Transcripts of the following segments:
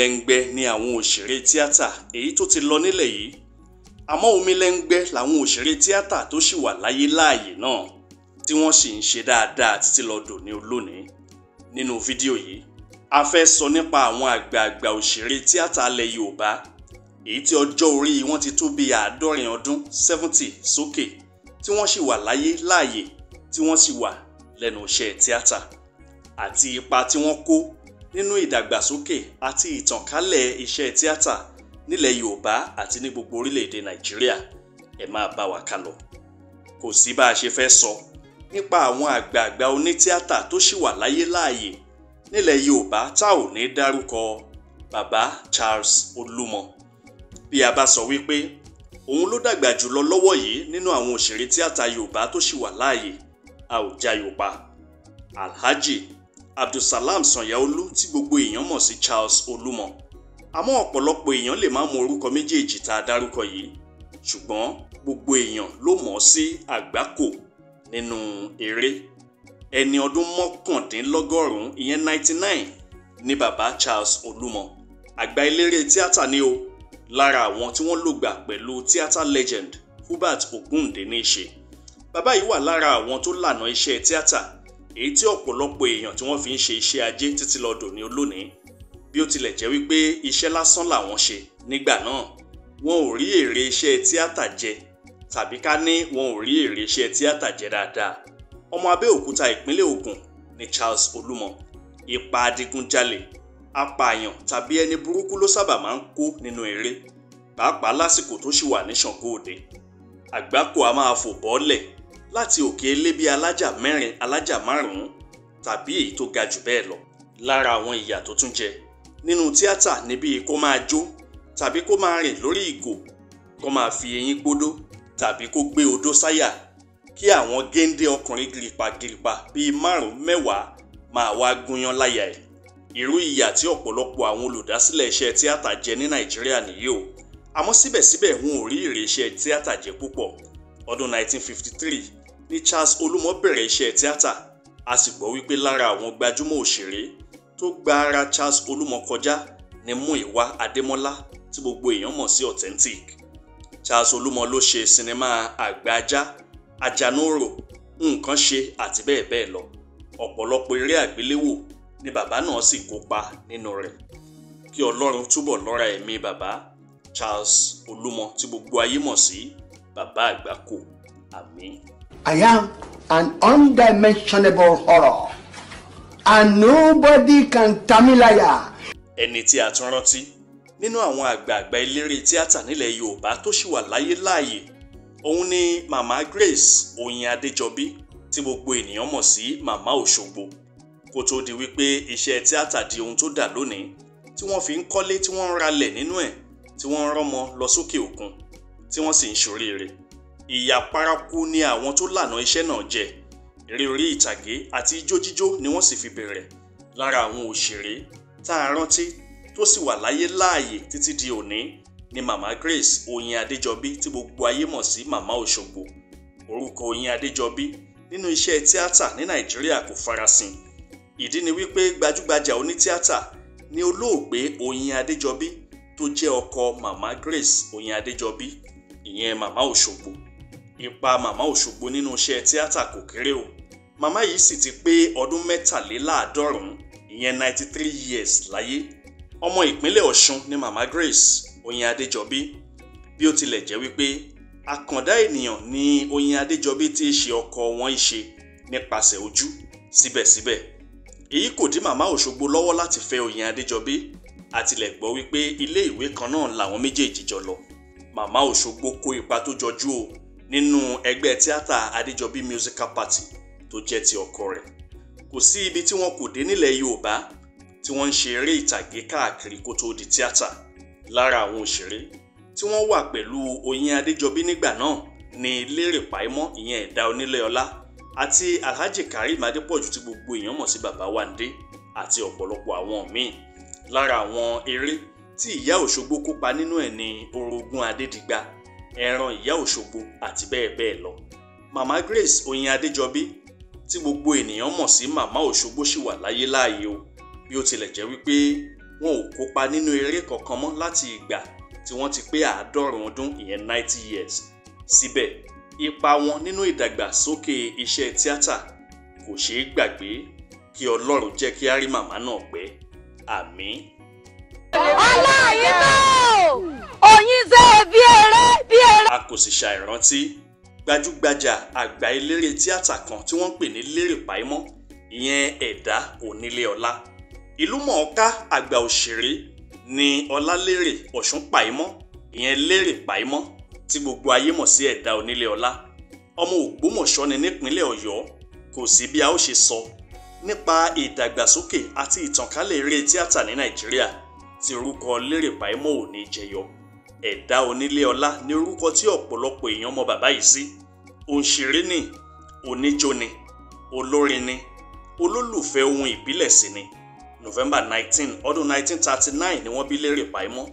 lẹ́ngbẹ ni àwọn òṣèré tíátà èyí tó ti lọ nílẹ̀ yìí àmọ́ omi lẹ́ngbẹ làwọn òṣèré tíátà tó ṣì wà láyé láàyè náà tí wọ́n sì ń ṣe dáadáa títí lọ dòní olónìí nínú fídíò yìí a fẹ́ sọ nípa àwọn àgbààgbà òṣèré tíátà alẹ́ Yorùbá èyí tí ọjọ́ orí wọn ti tó bíi àádọ́rin ọdún seventy sókè tí wọ́n sì wà láyé láàyè tí wọ́n sì wà lẹ́nu iṣẹ́ tíátà àti ipa tí wọ́n kó nínú ìdàgbàsókè àti ìtànkálẹ̀ iṣẹ́ tíátà nílẹ̀ Yorùbá àti ní gbogbo orílẹ̀-èdè Nàìjíríà ẹ máa bá wa ká lọ kò sí bá a ṣe fẹ́ sọ nípa àwọn àgbààgbà onítíátà tó ṣì wà láyé láàyè nílẹ̀ Yorùbá tá ò ní dárúkọ bàbá Charles Olúmọ bí a bá sọ wípé òun ló dàgbà jùlọ lọ́wọ́ yìí nínú àwọn òṣèré tíátà Yorùbá tó ṣì wà láàyè a ò já Yorùbá Alhaji abdulsalam sanyaolu tí gbogbo èèyàn mọ̀ sí charles olúmọ àmọ́ ọ̀pọ̀lọpọ̀ èèyàn lè má mọ orúkọ méjèèjì tá a dárúkọ yìí ṣùgbọ́n gbogbo èèyàn ló mọ̀ ọ́ sí àgbákò nínú eré ẹni ọdún mọ́kàndínlọ́gọ́rùn-ún ìyẹn ninety nine ni bàbá charles olúmọ àgbà eléré tíátà ni o lára àwọn tí wọ́n lò gbà pẹ̀lú tíátà legend hubert ogunde ní í ṣe bàbá yìí wà lára àwọn tó lànà iṣẹ́ tíátà èyí tí ọ̀pọ̀lọpọ̀ èèyàn tí wọ́n fi ń ṣe iṣẹ́ ajé títí lọ dòní olónìí bí ó tilẹ̀ jẹ́ wípé iṣẹ́ lásán làwọn ṣe nígbà náà wọn ò rí èrè iṣẹ́ tíátà jẹ tàbí ká ní wọn ò rí èrè iṣẹ́ tíátà jẹ dáadáa ọmọ Abẹ́òkúta ìpínlẹ̀ Ògùn ni Charles Olúmọ ipa adigunjalè apààyàn tàbí ẹni burúkú ló sábà máa ń kó nínú eré pàápàá lásìkò tó ṣì wà ní Ṣàngó Òde àgbákò a máa fò bọ́ọ̀lẹ̀ láti òkè elébi alájà mẹ́rin alájà márùn-ún tàbí èyí tó ga jù bẹ́ẹ̀ lọ. lára àwọn ìyà tó tún jẹ nínú tíátà ni bíi kó máa jó tàbí kó máa rìn lórí ìgò kó máa fi eyín gbódó tàbí kó gbé odó sáyà kí àwọn géńdé ọkùnrin gìrìpàgìrìpà bíi márùn-ún mẹ́wàá máa wá gúnyán láyà ẹ̀. irú ìyà tí ọ̀pọ̀lọpọ̀ àwọn olùdásílẹ̀ iṣẹ́ tíátà jẹ ní nàìjíríà nìyí o àmọ́ síbẹ̀síbẹ̀ wọn ò rí èrè tíátà jẹ púpọ̀ ọdún 1953 ni Charles Olúmọ bẹ̀rẹ̀ iṣẹ́ tíátà a sì gbọ́ wípé lára àwọn gbajúmọ̀ òṣèré tó gba ara Charles Olúmọ kọjá ni Múyìwá Adémọ́lá tí gbogbo èèyàn mọ̀ sí authentic Charles Olúmọ ló ṣe sinimá àgbájá ajanoro nǹkan ṣe àti bẹ́ẹ̀ bẹ́ẹ̀ lọ ọ̀pọ̀lọpọ̀ eré àgbéléwò ni bàbá náà sì kópa nínú rẹ̀ kí ọlọ́run túbọ̀ lọ́ra ẹ̀mí bàbá Charles Olúmọ tí gbogbo ayé mọ̀ sí bàbá àgbákò àmín. I am an undimensionable horror and nobody can tell me liar. ẹni tí a tún rántí nínú àwọn àgbààgbà eléré tíátà nílẹ̀ yorùbá tó ṣì wà láyé láàyè òun ni mama grace oyin adéjọbí tí gbogbo ènìyàn mọ̀ sí màmá òṣogbo kó tó di wípé iṣẹ́ tíátà di ohun tó dà lónìí tí wọ́n fi ń kọ́lé tí wọ́n ń ralẹ̀ nínú ẹ̀ tí wọ́n ń rọ́mọ lọ sókè òkun tí wọ́n sì ń ṣoríire ìyà paraku ni àwọn tó lànà iṣẹ́ náà jẹ eré orí ìtàgé àti ijó ni wọ́n sì fi bẹ̀rẹ̀ lára àwọn òṣèré tá a rántí tó sì wà láyé láàyè títí di òní ni màmá Grace Oyin Adéjọbí tí gbogbo ayé mọ̀ sí màmá Òṣogbo orúkọ Oyin Adéjọbí nínú iṣẹ́ tíátà ní Nàìjíríà kò farasin ìdí ni wípé gbajúgbajà onítíátà ni olóògbé Oyin Adéjọbí tó jẹ́ ọkọ màmá Grace Oyin Adéjọbí ìyẹn màmá Òṣogbo ipa màmá òṣogbo nínú iṣẹ́ tíátà kò kéré o màmá yìí sì ti pé ọdún mẹ́tàléláàádọ́rùn ìyẹn ninety three years láyé ọmọ ìpínlẹ̀ ọ̀ṣun ni màmá grace oyin adéjọbí bí ó tilẹ̀ jẹ́ wípé àkàndá ènìyàn ni oyin adéjọbí ti ṣe ọkọ wọn ṣe nípasẹ̀ ojú síbẹ̀síbẹ̀ èyí kò dí màmá òṣogbo lọ́wọ́ láti fẹ́ oyin adéjọbí àtilẹ̀ gbọ́ wípé ilé ìwé kan náà làwọn méjèèjì jọ lọ màmá òṣogbo kó ipa tó jọjú o nínú ẹgbẹ́ tíátà Adéjọbí musical party tó jẹ́ ti ọkọ rẹ̀ kò sí ibi tí wọn kò dé nílẹ̀ Yorùbá tí wọ́n ń ṣe ìtàgé káàkiri kó tó di tíátà lára àwọn òṣèré tí wọ́n wà pẹ̀lú Oyin Adéjọbí nígbà náà ni Lérè Pàímọ́ ìyẹn Ẹ̀dá Oníléọlá àti Alhaji Karim Adépọ̀jù tí gbogbo èèyàn mọ̀ sí baba Wándé àti ọ̀pọ̀lọpọ̀ àwọn míì lára àwọn eré tí ìyá Òṣogbo kópa nínú ẹ̀ ni Orogún Adédìgbà ẹran ìyá òṣogbo àti bẹ́ẹ̀ bẹ́ẹ̀ lọ màmá Grace Oyin Adéjọbí tí gbogbo ènìyàn mọ̀ sí màmá òṣogbo ṣì wà láyé láàyè o bí ó tilẹ̀ jẹ́ wípé wọn ò kópa nínú eré kankan mọ́ láti ìgbà tí wọ́n ti pé àádọ́rùn ọdún ìyẹn ninety years síbẹ̀ ipa wọn nínú ìdàgbàsókè iṣẹ́ tíátà kò ṣeé gbàgbé kí ọlọ́run jẹ́ kí á rí màmá náà pẹ́ àmín. ọlá yìí bá. kò sì ṣàìrántí gbajúgbajà àgbà eléré tíátà kan tí wọ́n ń pè ní Lérè Pàímọ́ ìyẹn Ẹ̀dá Oníléọlá ìlúmọ̀ọ́ká àgbà òṣèré ni Ọlálérè Ọ̀ṣúnpàímọ́ ìyẹn Lérè Pàímọ́ tí gbogbo ayé mọ̀ sí Ẹ̀dá Oníléọlá ọmọ Ògbómọ̀ṣọ́ ni nípínlẹ̀ Ọ̀yọ́ kò sí bí a ó ṣe sọ nípa ìdàgbàsókè àti ìtànkálẹ̀ eré tíátà ní Nàìjíríà tí orúkọ Lérè Pàímọ́ ò ní jẹyọ ẹ̀dá onílé ọlá ní orúkọ tí ọ̀pọ̀lọpọ̀ èèyàn mọ bàbá yìí sí òǹṣeré ni oníjó ni olórin ni olólùfẹ́ ohun ìbílẹ̀ sì ni November nineteen ọdún nineteen thirty nine ni wọ́n bí Lérè Pàímọ́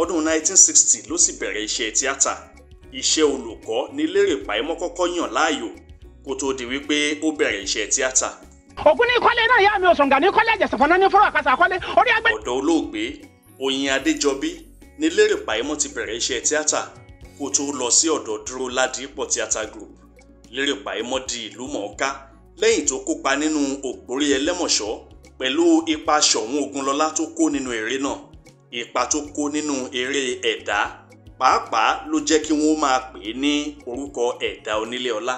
ọdún nineteen sixty ló sì bẹ̀rẹ̀ iṣẹ́ tíátà iṣẹ́ olùkọ́ ni Lérè Pàímọ́ kọ́kọ́ yàn láàyò kó tó di wípé ó bẹ̀rẹ̀ iṣẹ́ tíátà. ògùn ní kọ́lé náà yá mi òṣùngà ní kọ́lé ẹ̀jẹ̀ sọ̀fọ̀nà ní fúrọ̀ àkàtà kọ́lé orí ẹgbẹ́. ọ̀dọ̀ olóògbé Oyin Adéjọbí ní Lérè Pàímọ́ ti bẹ̀rẹ̀ iṣẹ́ tíátà kó tó lọ sí ọ̀dọ̀ Dúró Ládìípọ̀ Theatre Group Lérè Pàímọ́ di ìlú mọ̀ọ́ká lẹ́yìn tó kópa nínú Ògbórí Ẹlẹ́mọ̀ṣọ́ pẹ̀lú ipa Ṣọ̀ún Ogunlọ́lá tó kó nínú eré náà ipa tó kó nínú eré Ẹ̀dá pàápàá ló jẹ́ kí wọ́n máa pè é ní orúkọ Ẹ̀dá Onílé Ọlá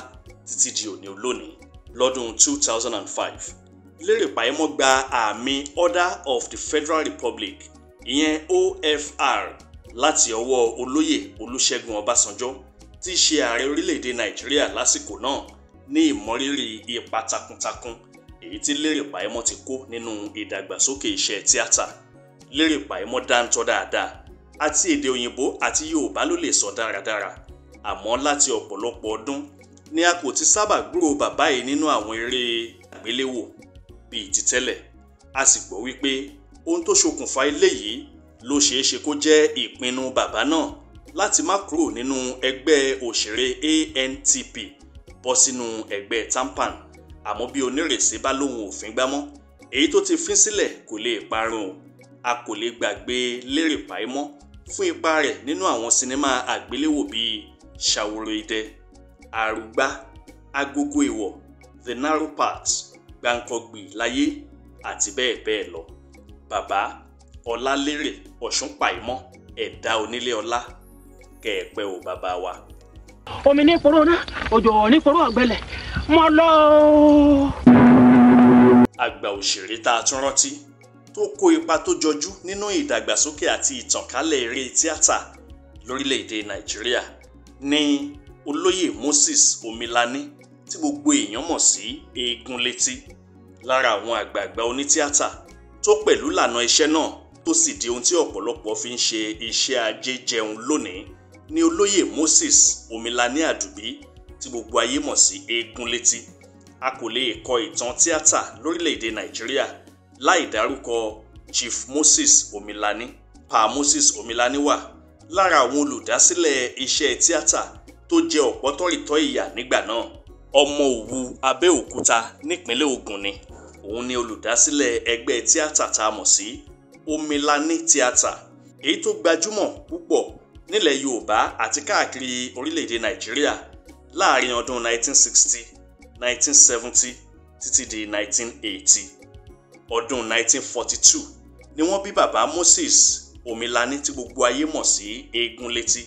títí di òní olónìí lọ́dún 2005 Lérè Pàímọ́ gba àmì Order of the Federal Republic ìyẹn OFR láti ọwọ́ olóyè Olúṣẹ́gun Ọbásanjọ́ tí í ṣe ààrẹ orílẹ̀-èdè Nàìjíríà lásìkò náà ní ìmọrírì ipa takuntakun èyí tí Lérè Pàímọ́ ti kó nínú ìdàgbàsókè iṣẹ́ tíátà Lérè Pàímọ́ dáńtọ́ dáadáa àti èdè òyìnbó àti Yorùbá ló lè sọ dáradára àmọ́ láti ọ̀pọ̀lọpọ̀ ọdún ni a kò ti sábà gbúrò bàbá yìí nínú àwọn eré àgbéléwò bíi ti tẹ́lẹ̀ a sì gbọ́ wípé ohun tó ṣokùnfà eléyìí ló ṣeé ṣe kó jẹ́ ìpinnu bàbá náà láti má kúrò nínú ẹgbẹ́ òṣèré ANTP bọ́ sínú ẹgbẹ́ TAMPAN àmọ́ bí onírèsí bá lóun òfin gbámọ́ èyí tó ti fín sílẹ̀ kò lè parun o a kò lè gbàgbé Lérè Pàímọ́ fún ipa rẹ̀ nínú àwọn sinimá àgbéléwò bíi ṣàwòrò idẹ àrùgbá agogo ìwọ̀ the narrow path gbàǹkọ̀gbì láyé àti bẹ́ẹ̀ bẹ́ẹ̀ lọ bàbá ọlálérè ọ̀ṣunpàìmọ́ ẹ̀dá onílé ọlá kẹ̀ẹ̀pẹ́ ò bàbá wa. omi ní ìporó náà òjò ní ìporó ọ̀gbẹ́lẹ̀ mo lọ. àgbà òṣèré tá a tún rántí tó kó ipa tó jọjú nínú ìdàgbàsókè àti ìtànkálẹ̀ eré tíátà lórílẹ̀‐èdè nàìjíríà ní olóyè moses omilani tí gbogbo èèyàn mọ̀ sí eégún létí lára àwọn àgbààgbà onítíátà tó pẹ̀lú lànà iṣẹ́ náà tó sì di ohun tí ọ̀pọ̀lọpọ̀ fi ń ṣe iṣẹ́ ajé jẹun lónìí ni olóyè Moses Omilani adubi, tí gbogbo ayé mọ̀ sí Eégúnlétí a kò lè kọ ìtàn tíátà lórílẹ̀‐èdè Nàìjíríà láì dárúkọ Chief Moses Omilani Pa Moses Omilani wà lára àwọn olùdásílẹ̀ iṣẹ́ tíátà tó jẹ ọ̀pọ̀ tọ́rìtọ́ ìyà nígbà náà ọmọ Òwu Abẹ́òkúta nípínlẹ̀ Ògùn ni òun ni olùdásílẹ̀ ẹgbẹ́ tíátà tá a mọ̀ sí Omilani tíátà èyí tó gbajúmọ̀ púpọ̀ nílẹ̀ Yorùbá àti káàkiri orílẹ̀-èdè Nàìjíríà láàrin ọdún 1960 1970 títí di 1980 ọdún 1942 ni wọ́n bí bàbá Moses Omilani tí gbogbo ayé mọ̀ sí Eégúnlétí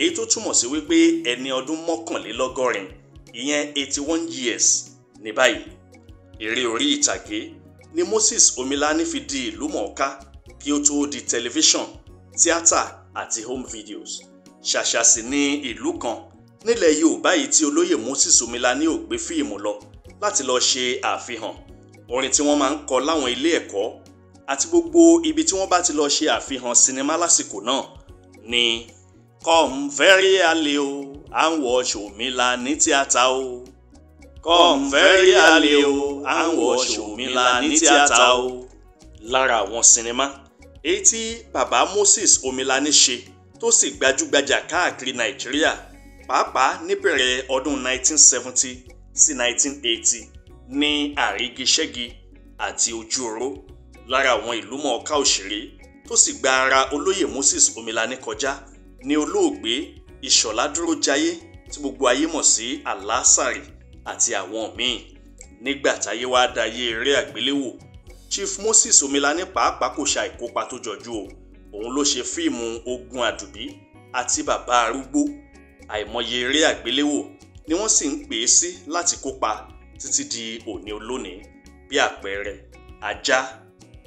èyí tó túmọ̀ sí wípé ẹni ọdún mọ́kànlélọ́gọ́rin ìyẹn 81 years ní báyìí eré orí ìtàgé ni Moses Omilani fi di ìlú mọ̀ọ́ká kí ó tó di tẹlifíṣàn tíátà àti home videos ṣàṣà sì ní ìlú kan nílẹ̀ Yorùbá yìí tí olóyè Moses Omilani ò gbé fíìmù lọ láti lọ ṣe àfihàn orin tí wọ́n máa ń kọ láwọn ilé ẹ̀kọ́ àti gbogbo ibi tí wọ́n bá ti lọ ṣe àfihàn sinimá lásìkò náà ni come very early o and watch Omilani tíátà o come very early o à ń wọ Ṣòmílà ní tíátà o. lára àwọn sinimá èyí tí bàbá Moses Omilani ṣe tó sì gbajúgbajà káàkiri Nàìjíríà pàápàá níbẹ̀rẹ̀ ọdún 1970 sí 1980 ní Àrígiṣẹ́gi àti Ojúoró lára àwọn ìlúmọ̀ọ́ká òṣèré tó sì gba ara olóyè Moses Omilani kọjá ní olóògbé Ìṣọ̀lá Dúrójayé tí gbogbo ayé mọ̀ sí Àlásàrì àti àwọn míì nígbà táyé wá dayé eré àgbéléwò Chief Moses Omilani pàápàá kò ṣàìkópa tó jọjú o òun ló ṣe fíìmù ogun àdùbí àti bàbá arúgbó àìmọye eré àgbéléwò ni wọ́n sì ń pè é sí láti kópa títí di òní olónìí bí àpẹẹrẹ ajá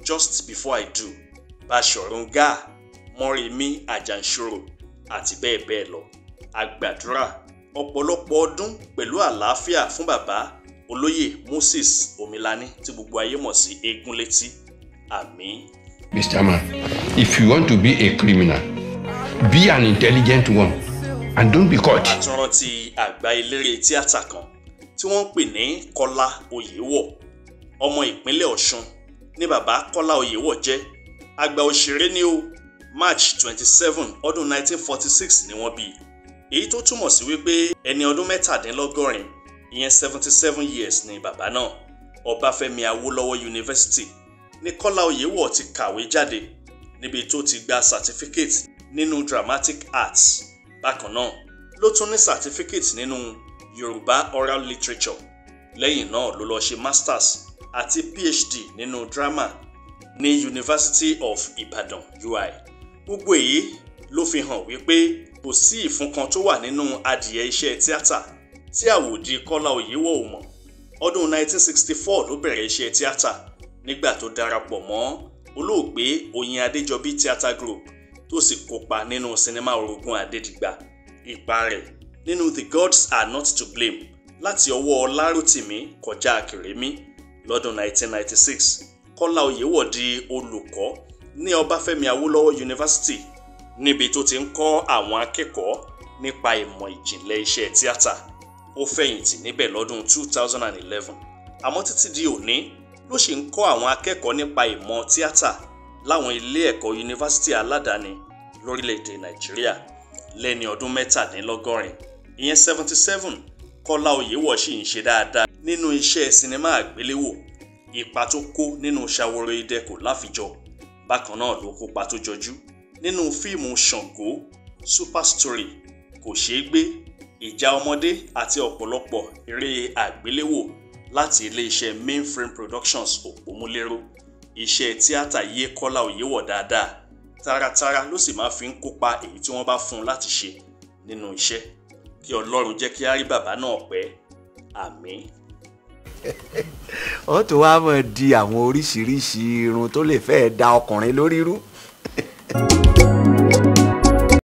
just before I do Basọ̀run Gáà Mọ́remí Àjànṣòro àti bẹ́ẹ̀ bẹ́ẹ̀ lọ a ọ̀pọ̀lọpọ̀ ọdún pẹ̀lú àlàáfíà fún bàbá olóyè Moses Omilani tí gbogbo ayé mọ̀ sí Egunleti àmín. Mr. Man, if you want to be a criminal, be an intelligent one and don't be caught. àtúrántí àgbà eléré tíátà kan tí wọ́n ń pè ní Kọ́lá Oyèwọ̀ ọmọ ìpínlẹ̀ Ọ̀ṣun ni bàbá Kọ́lá Oyèwọ̀ jẹ́ àgbà òṣèré ni ó March twenty seven ọdún nineteen forty six ni wọ́n bí i èyí tó túmọ̀ sí wípé ẹni ọdún mẹ́tàdínlọ́gọ́rin ìyẹn seventy seven years ni bàbá náà Ọbáfẹ́mi Awólọ́wọ̀ University ní Kọ́lá Oyèwọ̀ ti kàwé jáde níbi tó ti gba certificate nínú dramatic arts bákan náà ló tún ní certificate nínú Yorùbá oral literature lẹ́yìn náà ló lọ ṣe masters àti PhD nínú drama ní University of Ibadan UI gbogbo èyí ló fi hàn wípé kò sí ìfun kan tó wà nínú adìẹ iṣẹ́ tíátà tí àwòdì kọ́lá òyìnwó ò mọ̀ ọdún 1964 ló bẹ̀rẹ̀ iṣẹ́ tíátà nígbà tó darapọ̀ mọ́ olóògbé oyin adéjọbí theatre group tó sì kópa nínú sinimá orogun adédìgbà ipa rẹ̀ nínú the gods are not to blame láti ọwọ́ lárútìmí kọjá kèrèmí lọ́dún 1996 kọ́lá òyìnwó di olùkọ́ ní ọbáfẹ́mi awólọ́wọ̀ university níbi tó ti ń kọ́ àwọn akẹ́kọ̀ọ́ nípa ìmọ̀ ìjìnlẹ̀ iṣẹ́ tíátà ó fẹ̀yìntì níbẹ̀ lọ́dún 2011 àmọ́ títí di òní ló sì ń kọ́ àwọn akẹ́kọ̀ọ́ nípa ìmọ̀ tíátà láwọn ilé ẹ̀kọ́ yunifásitì aládàáni lórílẹ̀‐èdè nàìjíríà lẹ́ni ọdún mẹ́tàdínlọ́gọ́rin ìyẹn 77 kọ́lá oyèwọ̀ sì ń ṣe dáadáa nínú iṣẹ́ sinimá àgbéléwò ipa tó kó nínú ṣàwòrán ìdẹ́kò láfijọ́ bákan náà ló kópa tó jọjú nínú fíìmù ṣàngó super story kò ṣeé gbé ìjà ọmọdé àti ọ̀pọ̀lọpọ̀ eré àgbéléwò láti iléeṣẹ́ mainframe productions òpómúléró iṣẹ́ tíátà yìí kọ́lá òye wọ̀ dáadáa taratara ló sì máa fi ń kópa èyí tí wọ́n bá fún un láti ṣe nínú iṣẹ́ kí ọlọ́run jẹ́ kí á rí bàbá náà pẹ́ àmín. ó tún wá mọ̀ di àwọn oríṣiríṣi irun tó lè fẹ́ẹ́ da ọkùnrin lórí rú.